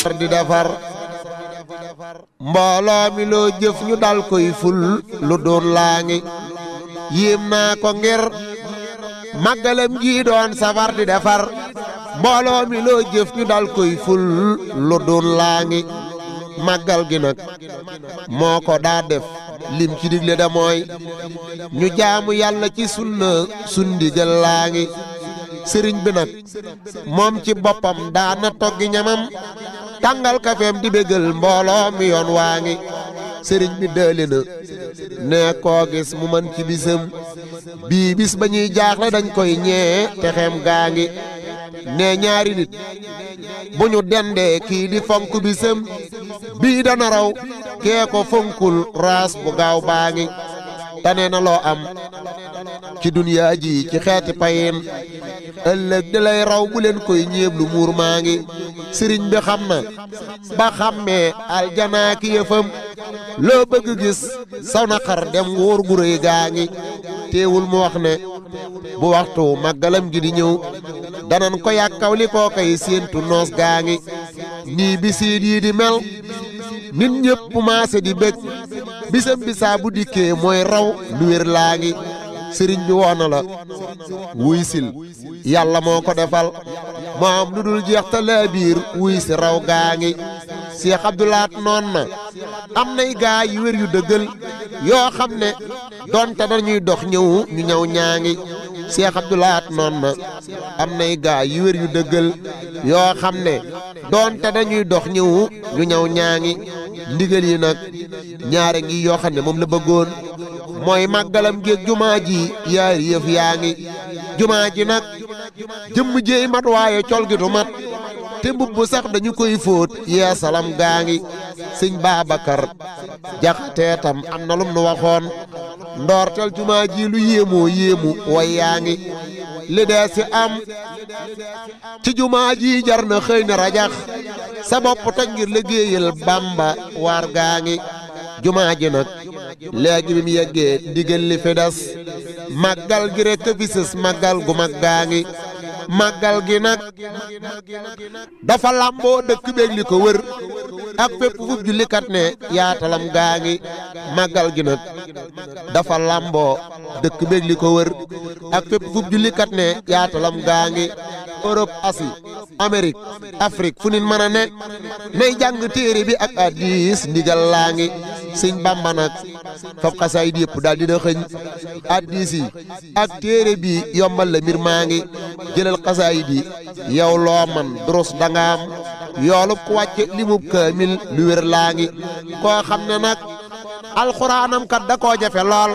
di mbooloo mi loo jëf ñu dal koy ful lu doon laa ngi yéem naa ko ngir màggalam gii doon safar di defar mbooloo mi loo jëf ñu dal koy ful lu doon laa ngi màggal gi nag moo ko daa def lim ci digle da ñu jaamu yàlla ci sunna sundigal laa ngi sëriñ bi nag moom ci boppam daana toggi ñamam tàngal kafeem di bégal mboolo mi yoon waa ngi sëriñ bi dële na ne koo mu man ci bisam bii bis ba ñuy jaaxle dañ koy ñee te gaa ngi ne ñaari bu ñu dendee kii di fonk bisam bii dana raw kee ko fonkul raas bu gaaw baa ngi tane na loo am ci duniyaa ji ci xeeti payin ëllëg di lay raw bu leen koy ñéeblu muur maa ngi sëriñ bi xam na ba xàmmee aljanaa ki yëfam loo bëgg gis saw na xar dem wóor gu gaa ngi teewul mu wax ne bu waxtu màggalam gi di ñëw danan ko yàkkaw li koo séentu noos gaa ngi nii bisiit yii di mel nit ñëpp maase di bëgg bisam bisaa bu dikkee mooy raw lu wér laa ngi sëriñ bi woo na la wuy sil yàlla moo ko defal moo am lu dul jeex ta laa biir wuy si raw gaa ngi Cheikh Abdoulaat noon na am nay gaa yu wér yu dëggal yoo xam ne doon donte dañuy dox ñëwu ñu ñëw ñaa ngi Cheikh Abdoulaat noon na am nay gaa yu wér yu dëggal yoo xam ne donte dañuy dox ñëwu ñu ñëw ñaa ngi ndigal yi nag ñaare ngi yoo moom la bëggoon mooy màggalam géeg jumaa ji yaari yëf yaa ngi jumaa ji nag jëmm jéey mat waaye col mat te mbubb sax dañu koy fóot yeesalam gaa ngi sëñ Babacar jaxatee tam am na lum nu waxoon ndoortel jumaa ji lu yéemoo yéemu way yaa ngi li am ci jumaa ji jar na xëy na rajax sa bopp toj ngir liggéeyal Bamba waar gaa ngi nag léegi bi mu yeggee ndigal li fi des màggal gi rekk fi sës màggal gu mag gaa ngi màggal gi nag dafa làmboo dëkk beeg li ko wër ak fépp fu jullikat ne yaatalam gaa ngi màggal gi nag dafa làmboo dëkk beeg li ko wër ak fépp fu jullikat ne yaatalam gaa ngi Europe Asie Amérique Afrique fu nit mën a ne nay jàng téere bi ak hadiis ndigal laa ngi sëñ bàmba nag fab xasaayid yëpp daal dina xëñ addis ak téere bi yombal la mbir maa ngi jëlal xasaayid yi yow loo man durus danga am yoolub ku wàcce limub kaamil lu wér laa ngi koo xam ne nag alxuraanam kat da koo jafe lool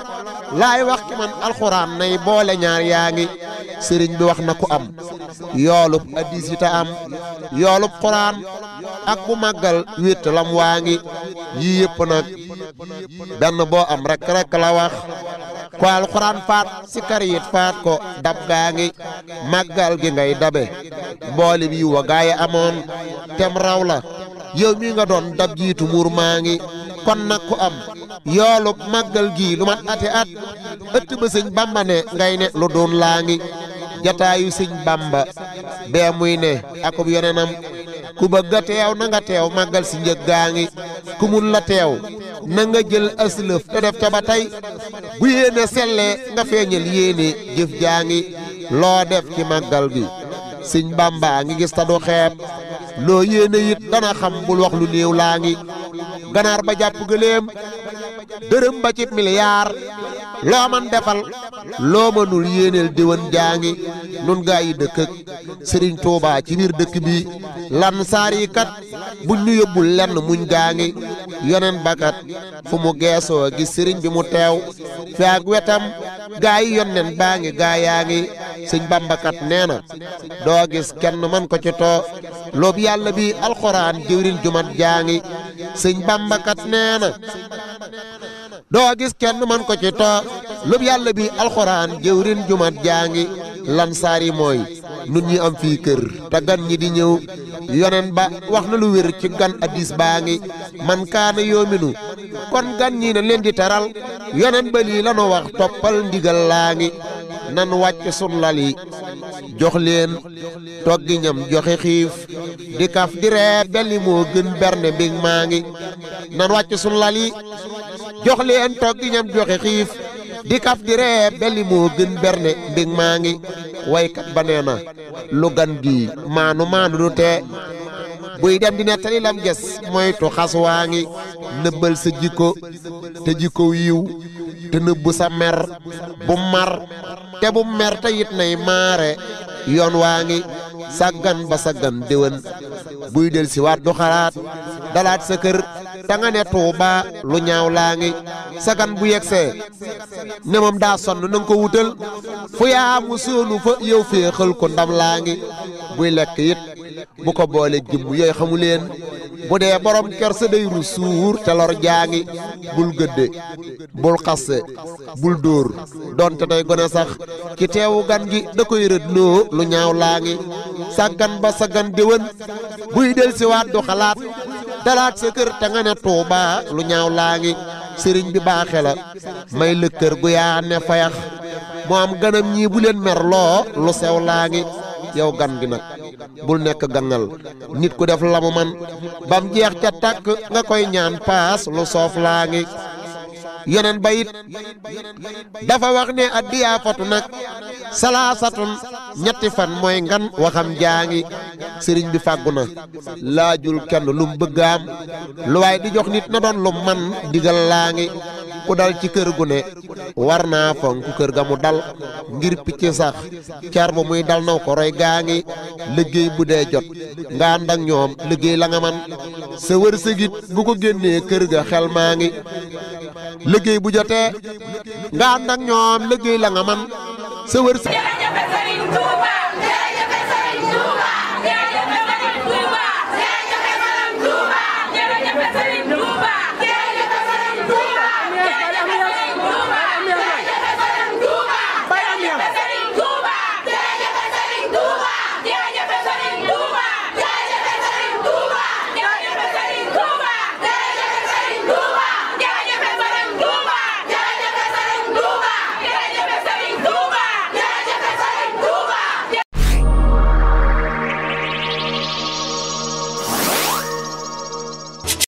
laay wax ki man alxuraan nay boole ñaar yaa ngi sëriñ bi wax na ku am yoolub addis am yoolub xuraan ak bu màggal wétt waa ngi yii yëpp nag benn boo am rek rek la wax ko alxuraan faat sikar faat ko dab gaa ngi màggal gi ngay dabe mboolim yi wa amoon tem raw la yow mi nga doon dab jiitu muur maa ngi kon nag am yoolub màggal gi lu mat ati at ëtt ba sëñ bamba ne ngay ne lu doon laa ngi jataayu sëñ bamba bee muy ne akub yonenam ku bëgg a teew na nga teew màggal si njëg gaa ngi ku la teew na nga jël aslëf te def ca ba tey bu yéene sellee nga feeñal yéene jëf jaa ngi loo def ci màggal gi sëñ bàmbaa ngi gis ta du xeeb loo yéene it dana xam bul wax lu néew laa ngi ganaar ba jàpp gëléem dërëm ba ci miliyaar loo man defal loo mënul yéeneel diwan jaa ngi nun gaa yi dëkk ak Tuubaa ci biir dëkk bi lan saar buñ ñu yóbbul lenn muñ gaa ngi yonen bakat fu mu geesoo gis sëriñ bi mu teew fi ak wetam gaa yi baa ngi gaa yaa ngi sëñ bambakat nee na doo gis kenn man ko ci too loobu yàlla bi alxuraan jëwrin jumat jaa ngi sëñ bambakat nee na doo gis kenn man ko ci too loobu yàlla bi alxuraan jëwrin jumat jaa ngi lansaar yi mooy nun ñi am fii kër te gan ñi di ñëw yonen ba wax na lu wér ci gan addis baa ngi man kaana yoominu kon gan ñi na leen di teral yonen ba lii lanu wax toppal ndigal laa ngi nan wàcc sun lal yi jox toggi ñam joxe xiif di kaf di ree belli moo gën berne mbig maa ngi nan wàcc sun lal yi jox leen toggi ñam joxe xiif di kaf di ree beli moo gën berne mbég maa ngi waykat ba nee na lu gan gii maanu maanu du tee buy dem di nettali lam ges moytu xas waa ngi nëbbal sa jikko te jikko yiw te nëbbu sa mer bu mar te bu mer te it nay maare yoon waa ngi saggan ba saggan déwén buy del si waat xalaat dalaat sa kër da nga ne tuuba lu ñaaw laa ngi sagan bu yegsee ne moom daa sonn na ko wutal fu yaa mu soonu fa yow féexal ko ndam laa ngi buy lekk it bu ko boole jëmm yooyu xamu leen bu dee borom kersa day ru suur te lor jaa ngi bul gëdde bul xasse bul dóor donte day gone sax ki teewu gan gi da koy rëdloo lu ñaaw laa ngi sàggan ba sàggan déwén buy del siwaat du xalaat dalaat sa kër te nga ne tuubaa lu ñaaw laa ngi sëriñ bi baaxe la may la gu yaa ne fayax mu am ganam ñii bu leen mer loo lu sew laa ngi yow gan gi nag bul nekk gangal nit ku def la mu man bam jeex ca tàkk nga koy ñaan paas lu soof laa ngi yeneen ba it dafa wax ne addiyaa fatu nag salaasatun ñetti fan mooy ngan waxam jaa ngi sëriñ bi fàggu na laajul kenn lu mu lu waaye di jox nit na doon lu man digal laa ngi ku dal ci kër gu ne war naa fonk kër ga mu dal ngir picc sax car ba muy dal naw ko roy gaa ngi liggéey bu dee jot nga ànd ak ñoom liggéey la nga man sa wërsëgit bu ko génnee kër ga xel maa ngi liggéey bu jotee nga ànd ak ñoom liggéey la nga man sa wërsëg